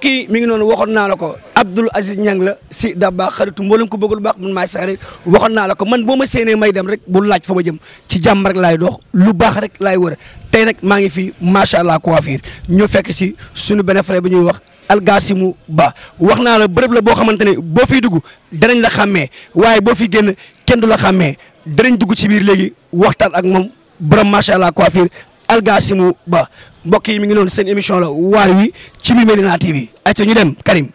kii yi mi ngi noonu waxoon naa la ko Abdoul Aziz Niang la si Dabakh xaritu mboolem ko bëggul baax man maa sa xarit waxoon naa la ko man boo ma séenee may dem rek bu laaj fa jëm ci jàmm rek lay dox lu baax rek laay wër tey nag maa ngi fi macha allah coiffure ñu fekk si sunu benn frère bi ñuy wax mu Ba wax naa la bërëb la boo xamante ne boo fiy dugg danañ la xàmmee waaye boo fi génn kenn du la xàmmee danañ dugg ci biir léegi waxtaan ak moom borom macha allah coiffure Algasimu Ba mbokk yi mi ngi noonu seen émission la waar wi ci biir Médina TV ayca ñu dem Karim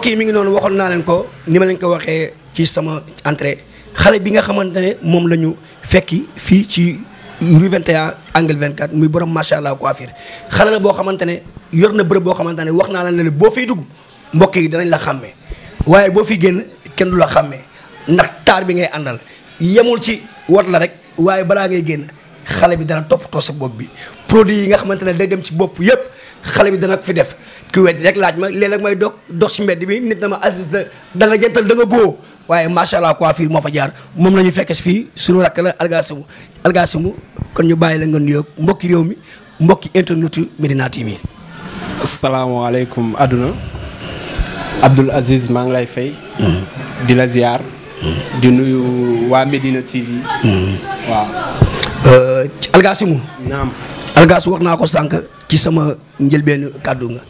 kii yi mi ngi noonu waxoon naa leen ko ni ma leen ko waxee ci sama entrée xale bi nga xamante ne moom la ñu fekki fii ci rue 21 angle 24 muy borom macha allah coiffure xale la boo xamante ne yor na bërëb boo xamante ne wax naa leen ne boo fiy dugg mbokk yi danañ la xàmmee waaye boo fiy génn kenn du la xàmmee ndax taar bi ngay àndal yemul ci wat la rek waaye balaa ngay génn xale bi dana toppatoo sa bopp bi produit yi nga xamante ne day dem ci bopp yépp xale bi dana ko fi def ku weddi rek laaj ma léeg-léeg may doog dox si mbedd bi nit na ma Aziz da nga jantal da nga waaye macha allah coiffure moo fa jaar moom la ñu fekk fii suñu rakk la Algasimu Algasimu kon ñu bàyyi la nga nuyoo mbokki réew mi mbokki internetu Medina TV. asalaamaaleykum adduna maa ngi lay fay. Mm-hmm. di la ziar. Mm-hmm. nuyu waa Medina mm-hmm. euh, wax naa ko sànq. ci sama njëlbeen kàddu nga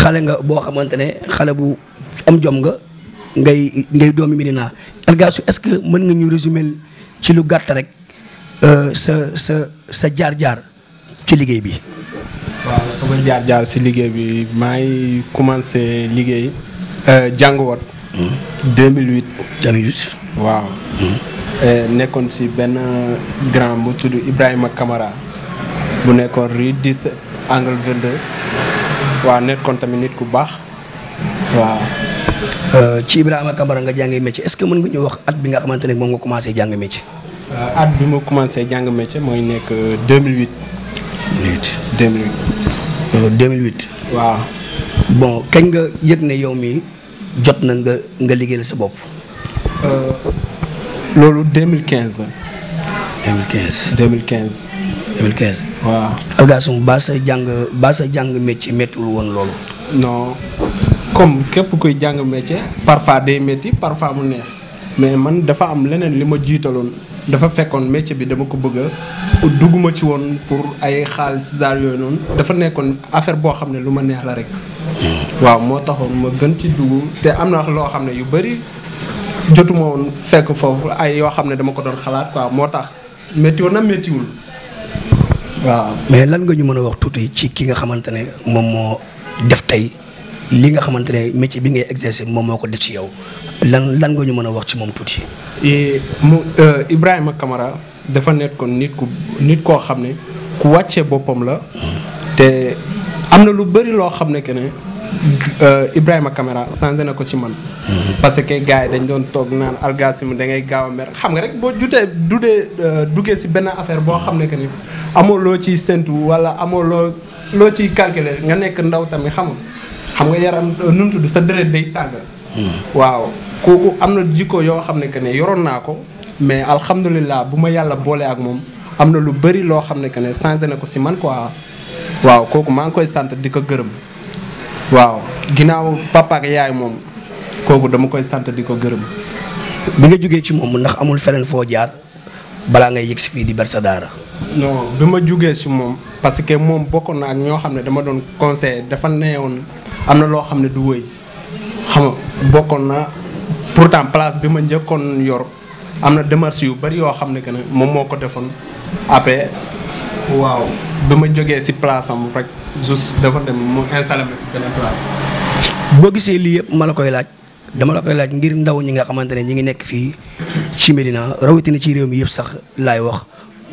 xale nga boo xamante ne xale bu am jom nga ngay ngay doomi Médina Elgasou est-ce que mën nga ñu résumer ci lu gàtt rek euh, sa sa sa jaar-jaar ci liggéey bi. waaw sama jaar-jaar si liggéey bi maa ngi commencé liggéey euh, jàng woon. 2008. Hmm. 2008. waaw. Hmm. Euh, nekkoon si benn grand bu tudd Ibrahima Camara bu nekkoon rue angle 22 waaw nekkoon tamit nit ku baax waaw. Euh, ci Ibrahima Kamara nga jàngee métier est-ce que mën nga ñu wax at bi nga xamante ne moom nga commencé jàng métier. Euh, at bi ma commencé jàng métier mooy nekk 2008. 2008. 2008. waaw. bon kañ nga yëg ne yow mi jot na nga nga liggéeyal sa bopp. Euh, loolu 2015 la. 2015. 2015. 2015. waaw. Elgassoum ba sa jàng ba sa jàng métier méttiwul woon loolu. non képp kuy jàng métier. parfois day métti parfois mu neex. mais man dafa am leneen li ma jiitaloon dafa fekkoon métier bi dama ko bëgg a dugguma ci woon pour ay xaalis daal yooyu noonu dafa nekkoon affaire boo xam ne lu ma neex la rek. Hmm. waaw moo taxoon ma gën ci dugg te am na loo xam ne yu bëri jotuma woon fekk foofu ay yoo xam ne dama ko doon xalaat quoi moo tax. méttiwul na méttiwul waaw. mais lan nga ñu mën a wax tuuti ci ki nga xamante ne moom moo def tey li nga xamante ne métier bi ngay exercer moom moo ko def ci yow lan lan nga ñu mën a wax ci moom tuuti. mu euh, Ibrahima Kamara dafa nekkoon nit ku nit koo xam ne ku wàccee boppam la hmm. te am na lu bëri loo xam ne que Euh, Ibrahima kamera changé na ko ci man. parce que gars yi dañ doon toog naan Algassim da ngay gaaw a mer xam nga rek boo jutee dudee euh, duggee ci benn affaire boo xam ne que ni amoo loo ciy séntu wala amoo loo ciy calculer nga nekk ndaw tamit xam xam nga yaram euh, nu sa deret day tàng. waaw kooku am na jikko yoo xam ne que ne yoroon naa ko mais alhamdulilah bu ma yàlla boole ak moom am na lu bëri loo xam ne que ne changé na ko ci man quoi waaw kooku maa ngi koy sant di ko gërëm. waaw ginnaaw papa ak yaay moom kooku dama koy sant di ko gërëm. bi nga jógee ci moom ndax amul feneen foo jaar balaa ngay yëg si fii di Bersadara. non bi ma jugee si moom parce que moom bokkoon na ak ñoo xam ne dama doon conseil dafa woon am na loo xam ne du wëy xam nga bokkoon na pourtant place bi ma njëkkoon yor am na démarche yu bari yoo xam ne que moom moo ko defoon après waaw ba ma jógee si place am rek juste dafa dem mu installé ma si benn place. boo gisee lii yëpp ma la koy laaj dama la koy laaj ngir ndaw ñi nga xamante ne ñi ngi nekk fii ci Medina rawatina ci réew mi yëpp sax laay wax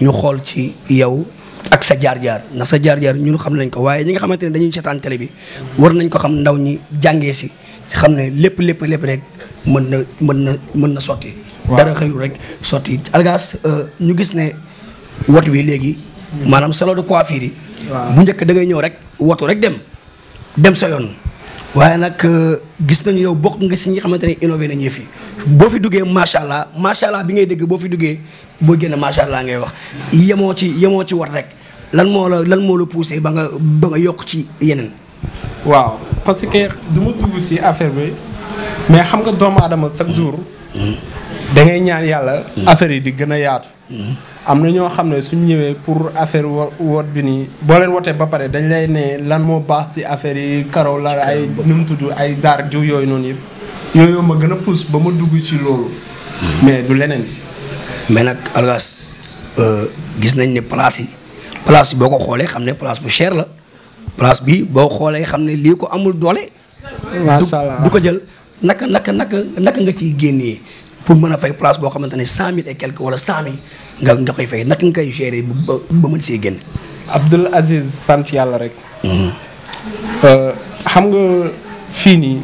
ñu xool ci yow. ak sa jaar-jaar na sa jaar-jaar ñun xam nañ ko waaye ñi nga xamante ne dañuy seetaan télé bi war nañ ko xam ndaw ñi jàngee si xam ne lépp lépp lépp rek mën na mën na mën na sotti. dara xëyul rek sotti algaas euh, ñu gis ne wat wi léegi. maanaam salon de coiffure yi. bu njëkk dangay ñëw rek watu rek dem dem sa yoon. waaye nag euh, gis nañu yow bokk nga si ñi xamante ne innové nañu fi boo fi duggee macha allah macha bi ngay dégg boo fi duggee boo génn macha allah ngay wax yemoo ci yemoo ci wat rek lan moo la lan moo la poussé ba nga ba nga yokk ci yeneen. waaw parce que du ma dugg si affaire bi mais xam nga doomu aadama chaque jour. Hmm. da ngay ñaan yàlla. affaire yi di gën a yaatu. am na ñoo xam ne suñu ñëwee pour affaire woot bi nii boo leen wootee ba pare dañ lay ne lan moo baax ci affaire yi karaw la ay nu mu tudd ay zaar diw yooyu noonu yëpp yooyu ma gën a pousse ba ma dugg ci loolu. mais du leneen. mais nag algas euh, gis nañ ne place yi place yi boo ko xoolee xam ne place bu cher la place bi boo xoolee xam ne lii ko amul doole. macha allah du ko jël naka naka naka naka nga ciy génnee. pour mën a fay place boo xamante ne cent mille et quelque wala cent nga nga koy fay naka nga koy gérer ba ba mën see génn. Abdoul Aziz sant yàlla rek. Mm-hmm. Euh, xam nga fii nii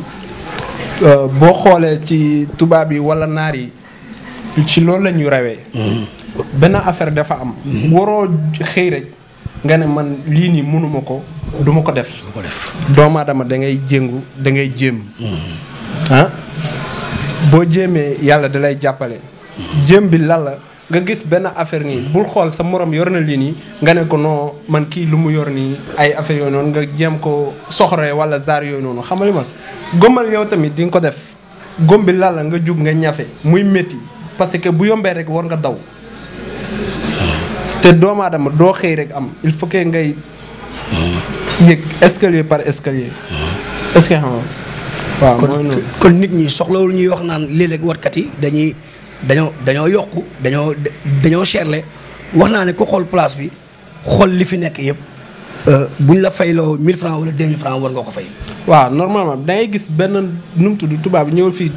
euh, boo xoolee ci tubaab yi wala naar yi ci loolu la ñu rawee. Mm-hmm. benn affaire dafa am. Mm-hmm. waroo xëy rek nga ne man lii nii mënuma ko duma ko def. doomu aadama da ngay jéngu da ngay jéem. Ah? boo jéemee yàlla da lay jàppale. jéem bi lan la nga gis benn affaire nii bul xool sa morom yor na lii nii nga ne ko noo man kii lu mu yor nii ay affaire yooyu noonu nga jéem ko soxoree wala zaar yooyu noonu xam nga ma gommal yow tamit di nga ko def gom bi lan la nga jug nga ñafe muy métti parce que bu yombee rek war nga daw. te doomu aadama doo xëy rek am il faut ngay yëg escalier par escalier est-ce que waaw kon kon nit ñi soxlawul ñuy wax naan léeg-léeg warkat yi dañuy dañoo dañoo yokk dañoo dañoo cherle wax naa ne ku xool place bi xool li fi nekk yëpp euh, buñ la fayloo 1000 francs wala 2000 francs war nga ko fay. waaw normalement da ngay gis benn nu mu tudd tubaab ñëw fii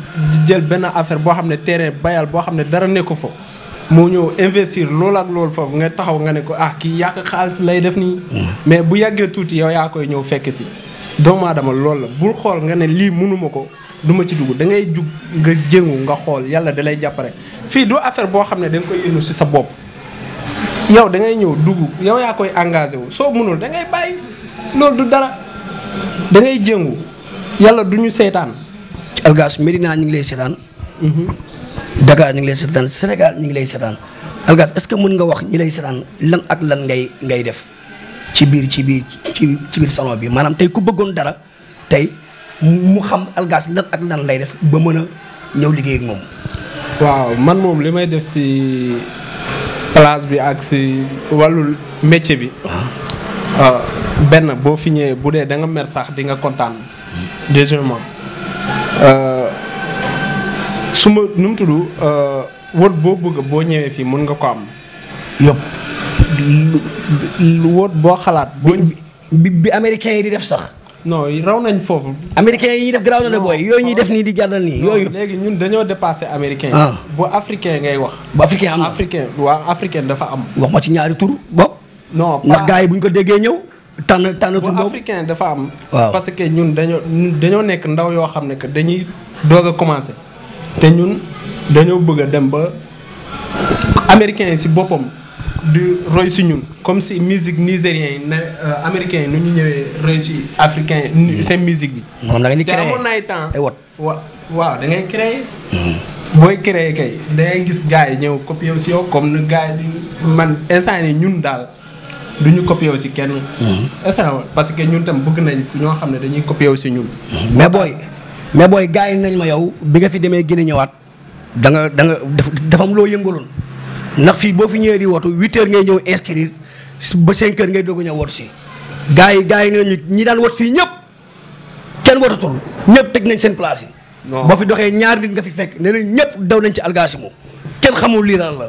jël benn affaire boo xam ne terrain bayal boo xam ne dara nekku fa. moo ñëw investir loolu ak loolu foofu nga taxaw nga ne ko ah kii yàq xaalis lay def nii. Mm. mais bu yàggee tuuti yow yaa koy ñëw fekk si. doomu aadama loolu la bul xool nga ne lii mënuma ko duma ci dugg da ngay jug nga jëngu nga xool yàlla da lay jàppare fii du affaire boo xam ne da nga koy yëngu si sa bopp yow da ngay ñëw dugg yow yaa koy engagé wu soo mënul da ngay bàyyi loolu du dara da ngay jéngu yàlla du ñu seetaan. Algaas Medina ñu ngi lay seetaan. Mhm. Dakar ñu ngi lay seetaan Sénégal ñu ngi lay seetaan Algaas est-ce que mën nga wax ñi lay seetaan lan ak lan ngay ngay def. ci biir ci biir ci ci biir salon bi maanaam tey ku bëggoon dara tey mu xam algaas lan ak lan lay def ba mën a ñëw liggéey ak moom. waaw man moom li may def si place bi ak si wallul métier bi. Ah. Ah, benn boo fi ñëwee bu dee da nga mer sax di nga kontaan. deuxièmement ah, su ma nu mu tudd wër boo bëgg boo ñëwee fii mun nga ko am yëpp. lu wóot boo xalaat. bi bi américain yi di def sax. non raw nañ foofu. américain yi def garaaw na ne booy yooyu ñuy def nii di jàllal nii yooyu. léegi ñun dañoo dépassé américain. Ah. bu africain ngay wax. bu africain am africain dafa am. wax ma ci ñaari tur bopp. non ndax gaa yi bu ñu ko déggee ñëw. tànn tànn tur boobu dafa am. waaw parce que ñun dañoo dañoo nekk ndaw yoo xam ne que dañuy doog a commencé. te ñun dañoo bëgg a dem ba américain yi si boppam. du roy si ñun comme si musique nigérien yi na euh, américain yi nu ñu ñëwee roy si africain mm. seen musique bi. moom da ngeen di créé te amoon na waaw da ngay créé. Mm. booy créé kay da ngay gis gars yi ñëw copié si yow comme ni gars yi man instant yi ñun daal du ñu copié si kenn. Mm. instant parce que ñun tam bëgg nañ ñoo xam ne dañuy copié si ñun. mais booy mais booy gars yi nañ ma yow bi nga fi demee gën ñëwaat da nga da nga dafa am loo yëngaloon. ndax fii boo fi ñëwee di wootu huit heures ngay ñëw inscrire ba cinq heures ngay doog a ñëw wootu si. gars yi gars yi nee nañu ñi daan wootu fii ñëpp kenn wootatul ñëpp teg nañ seen place yi. boo fi doxee ñaar nit nga fi fekk nee nañ ñëpp daw nañ ci algaasimu kenn xamul lii lan la.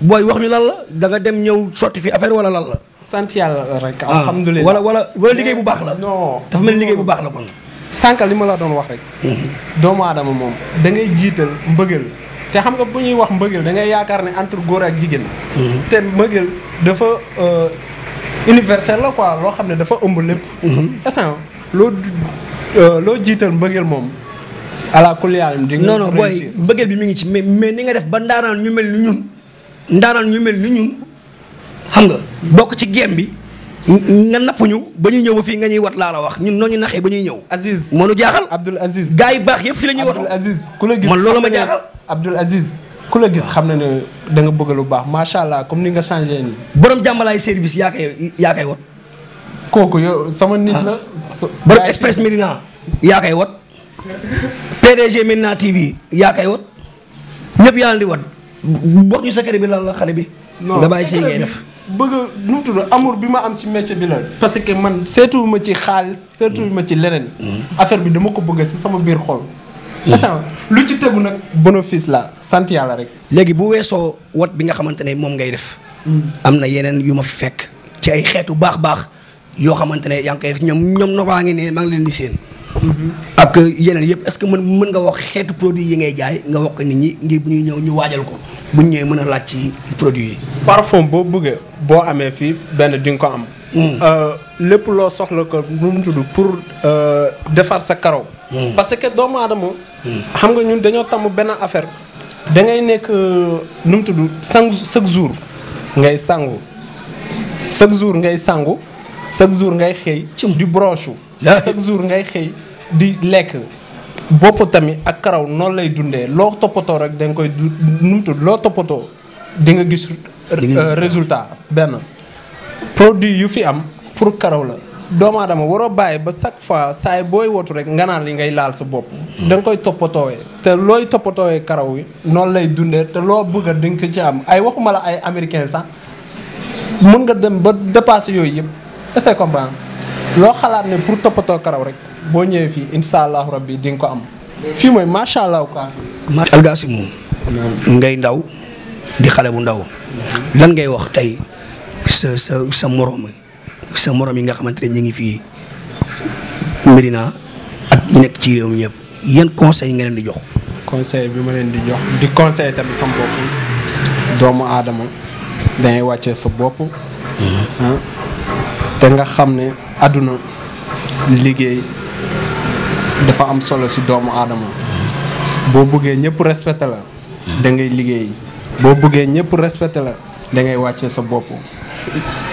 booy wax ñu lan la da nga dem ñëw sotti fi affaire wala lan la. sant yàlla rek. Ah. alhamdulilah wala wala wala liggéey bu baax la. non dafa mel liggéey bu baax la kon. sànq li ma laa doon wax rek. Mhm. doomu aadama moom da ngay jiital mbëggal te xam nga bu ñuy wax mbëggeel dangay yaakaar ne entre góor ak jigéen. Mhm. te mbëggeel dafa euh, universel la quoi loo xam ne dafa ëmb lépp. instant mhm. loo euh, loo jiital mbëggeel moom. ala kulli yaalam di non non booy mbëggeel bi mi ngi ci mais mais ni nga def ba ndaanaan ñu mel ni ñun ndaanaan ñu mel ni ñun xam nga bokk ci gem bi. nga napp ñu ba ñuy ñëw ba fii nga ñuy wat laa la wax ñun noo ñu naxee ba ñuy ñëw. Aziz moo ñu jaaxal Abdoul Aziz. gars yi baax yëpp fii la ñuy watoo Abdoul Aziz ku la gis man loolu ma jaaxal Abdoul Aziz. xam na da nga bëgg lu baax macha allah comme ni nga changé nii. borom jàmbalaay service yaa koy yaa koy wat. kooku yow sama nit ah. la. borom express Médina yaa koy wat. PDG Médina TV yaa koy wat. ñëpp yaa ngi di wat. wax ñu sa kër bi lan la xale bi. nga bàyyi si ngay def. bëgg a nu mu tudd bi ma am si métier bi la. parce que man ma ci xaalis ma ci leneen. affaire bi dama ko bëgg si sama biir xol. instant mm-hmm. lu ci tegu nag bénéfice la sant yàlla rek. léegi bu weesoo wat bi nga xamante ne moom ngay def. Mm. am na yeneen yu ma fi fekk. ci ay xeetu baax baax yoo xamante ne yaa ngi koy def ñoom ñoom nobaa ngi ne maa ngi leen di seen. ak yeneen yëpp est-ce que mën mën nga wax xeetu produit yi ngay jaay nga wax ko nit ñi ngir bu ñuy ñëw ñu waajal ko bu ñu ñëwee mën a laaj ci produit yi. parfum boo bëggee boo amee fii benn di ko am. Hmm. Euh, lépp loo soxla ko nu mu tudd pour euh, defar sa karaw. Hmm. parce que doomu aadama. Hmm. xam nga ñun dañoo tàmm benn affaire. da ngay nekk euh, nu mu tudd sangu chaque jour ngay sangu chaque jours ngay sangu chaque jour ngay xëy. di broche chaque jours ngay xëy. di lekk bopp tamit ak karaw noonu lay dundee loo toppatoo rek da nga koy du loo toppatoo di nga gis euh, résultat benn produit yu fi am pour karaw la doomu aadama waroo bàyyi ba chaque fois saay booy wotu rek nga naan li ngay laal sa bopp hmm. danga koy toppatoo te looy toppatoowee karaw yi noonu lay dundee te loo bëgga dinga ko ci am ay waxuma la ay américain sax mën nga dem ba dépassé yooyu yëpp est loo xalaat ne pour toppatoo karaw rek boo ñëwee fii incha allahu rabbi di nga ko am fii mooy macha allah. Algassim ngay ndaw di xale bu ndaw lan ngay wax tey sa sa sa morom sa moroom yi nga xamante ne ñu ngi fii Medina ak ñu nekk ci réew mi ñëpp yan conseil nga leen di jox. conseil bi ma leen di jox di conseil tamit sama bopp doomu aadama dangay wàccee sa bopp. Mhm. Ah. te nga xam ne àdduna liggéey. dafa am solo si doomu aadama boo bëggee ñëpp respecté la da ngay liggéey boo bëggee ñëpp respecté la da ngay wàccee sa bopp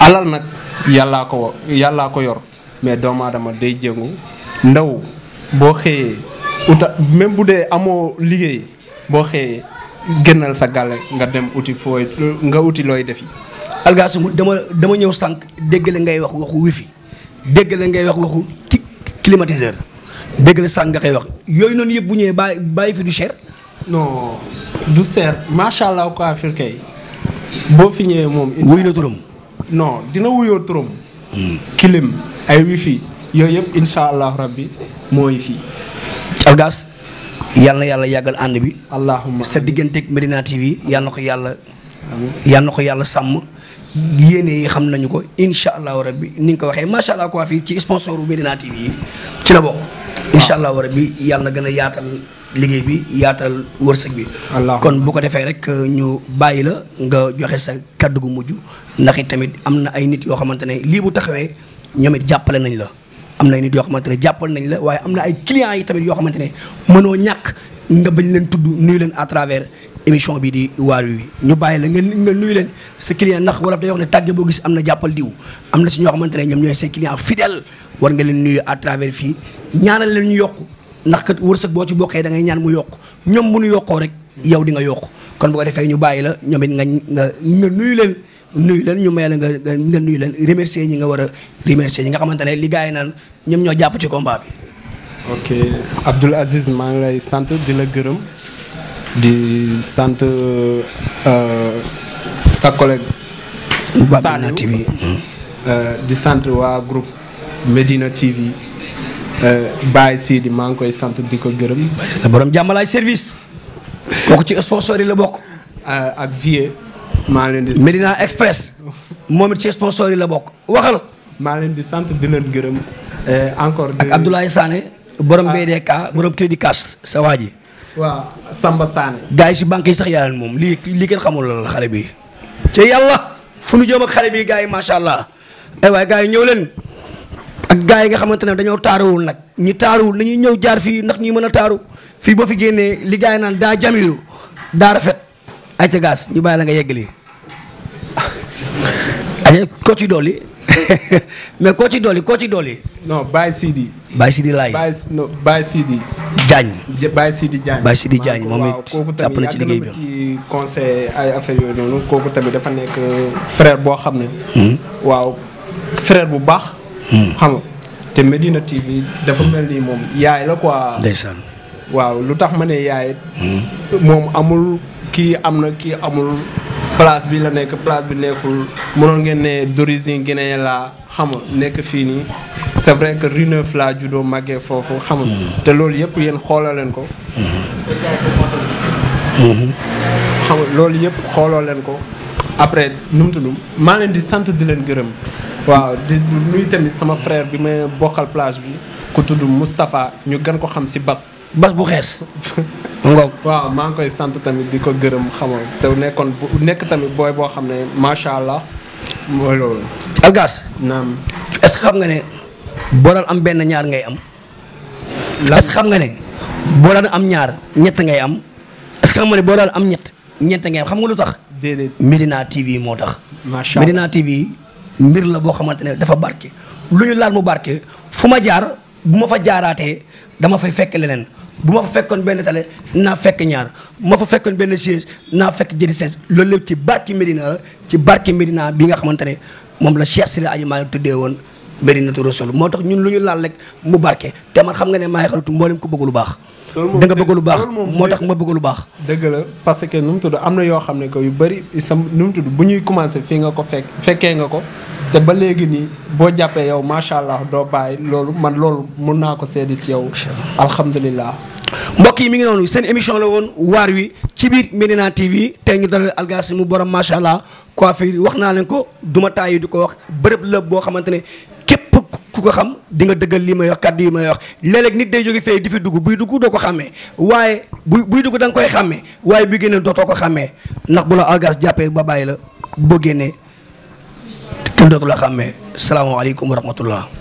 alal nag yàllaa ko yàllaa ko yor mais doomu aadama day jëngu ndaw boo xëyee uta même bu dee amoo liggéey boo xëyee génnal sa gàlle nga dem uti fooy nga uti looy def algaasumu dama dama ñëw sànq déggale la ngay wax waxu wifi dégg ngay wax waxu climatiseur degré sànq nga koy wax yooyu noonu yëpp bu ñëwee bàyyi bàyyi fi du cher. non du cher macha allah coiffure kay boo fi ñëwee moom. wuy na turam. non dina wuyoo turam. kilim ay wifi yooyu yëpp incha allah rabbi mooy fii. Algas yal na yàlla yàggal ànd bi. allahumma sa digganteeg Medina TV yal na ko yàlla. yal ko yàlla sàmm. yéene yi xam nañu ko incha allahu rabbi ni nga ko waxee macha allah coiffure ci sponsor bu Medina yi ci la bokk. incha allah rabbi yàlla na gën a yaatal liggéey bi yaatal wërsëg bi. kon bu ko defee rek euh, ñu bàyyi la nga joxe sa kàddu gu mujj ndax it tamit am na ay nit yoo xamante ne lii bu taxawee ñoom jàppale nañ la. am na ay nit yoo xamante ne jàppale nañ la waaye am na ay clients yi tamit yoo xamante ne mënoo ñàkk nga bañ leen tudd nuyu leen à travers émission bii di waar wi ñu bàyyi la nga nga nuyu leen sa client ndax wala day wax ne tàgge boo gis am na jàppal diw am na si ñoo xamante ne ñoom ñooy seen client fidèle war nga leen nuyu à fii ñaanal leen ñu yokku ndax kat wërsëg boo ci bokkee da ngay ñaan mu yokku ñoom bu ñu yokkoo rek yow di nga yokku kon bu defee ñu bàyyi la ñoom it nga nga nga nuyu leen ñu may la nga nga nuyu leen remercier ñi nga war a remercier ñi nga xamante ne li gars ñoom ñoo jàpp ci combat bi. ok maa ngi lay sant di la gërëm. di sant euh, sa collègue. Saliou TV euh, di sant waa groupe Medina TV. Euh, Baye Sidi maa ngi koy sant di ko gërëm. borom jàmmalaay service. kooku ci sponsor yi la bokk. ak Vieux. maa leen di Medina Express. moom it ci la bokk waxal. maa leen di sant di leen gërëm. encore ak Abdoulaye Sané borom ah. BDK borom crédit cash sa waa ji waaw Samba Sané. gars yi si banque yi sax yàlla moom lii lii kenn xamul lan la xale bi. ca yàlla fu nu jëm ak xale bi gars yi macha allah ay eh waay gars yi ñëw leen ak gars yi nga xamante ne dañoo taaruwul nag ñi taaruwul nañuy ñëw jaar fii ndax ñuy mën a taaru fii boo fi génnee li gars yi naan daa jamilu daa rafet ay ca gaas ñu bàyyi la nga yeggali ay ko ci dolli. mais koo ci dolli koo ci dolli. non Baye Sidi. Baye Sidi laay Baye non Baye Sidi. Diagne. Baye Sidi Diagne. Baye Sidi moom it ay affaire yooyu noonu kooku tamit dafa nekk euh, frère boo xam ne. Hmm. waaw frère bu baax. Hmm. xam nga te Medina dafa mel ni moom yaay la ko ndeysaan. waaw lu tax ma ne yaay. Hmm. moom amul kii am na kii amul. place bi la nekk place bi nekkul mënoon ngeen ne d'origine guinéen la xam nekk fii nii c'est vrai que Rue Neuf la juddoo màggee foofu xam mm-hmm. te loolu yëpp yéen xooloo leen ko. Mm-hmm. xam loolu yëpp xooloo leen ko après nu mu tudd maa leen di sant di leen gërëm waaw di nuy tamit sama frère bi ma bokkal plage bi. ku tudd Moustapha ñu gën ko xam si bas. bas bu xees. ngoog waaw maa ngi koy sant tamit di ko gërëm xamal te nekkoon bu nekk tamit booy boo xam ne macha allah mooy loolu. Algaas. naam est xam nga ne boo daan am benn ñaar ngay am. est xam nga ne boo daan am ñaar ñett ngay am est que xam ne boo daan am ñett ñett ngay am xam nga lu tax. déedéet Medina TV moo tax. macha allah Medina TV mbir la boo xamante ne dafa barke lu ñu laal mu barke fu ma jaar. bu ma fa jaaraatee dama fay fekk leneen bu ma fa fekkoon benn tale naa fekk ñaar bu ma fa fekkoon benn siège naa fekk jëri seen loolu lépp ci barki Médina la ci barki Médina bi nga xamante ne moom la Cheikh Sidi Aji Maalik tuddee woon Médinatu sol moo tax ñun lu ñu laal rek mu barke te man xam nga ne maay xaritu mboolem ko bëgg lu baax da nga bëgg lu baax moo tax ma bëgg lu baax dëgg la parce que nu mu tudd am na yoo xam ne ko yu bëri sam nu mu tudd bu ñuy commencé fii nga ko fekk fekkee nga ko te ba léegi nii boo jàppee yow macha allah doo bàyyi loolu man loolu mën naa ko seedi si yow. alhamdulilah. mbokk yi mi ngi noonu seen émission la woon waar wi ci biir Medina TV tey ñu dalal Algasi mu borom macha allah coiffure wax naa leen ko duma taay di ko wax bërëb la boo xamante ne képp ku ko xam di nga dëggal li may wax kàddu yi may wax léeg-léeg nit day jóge fee di fi dugg buy dugg doo ko xàmmee waaye buy buy dugg da nga koy xàmmee waaye bu génnee dootoo ko xàmmee ndax la Algasi jàppee ba bàyyi la boo génnee. kenn dootu la xàmmee salaamaaleykum wa rahmatullah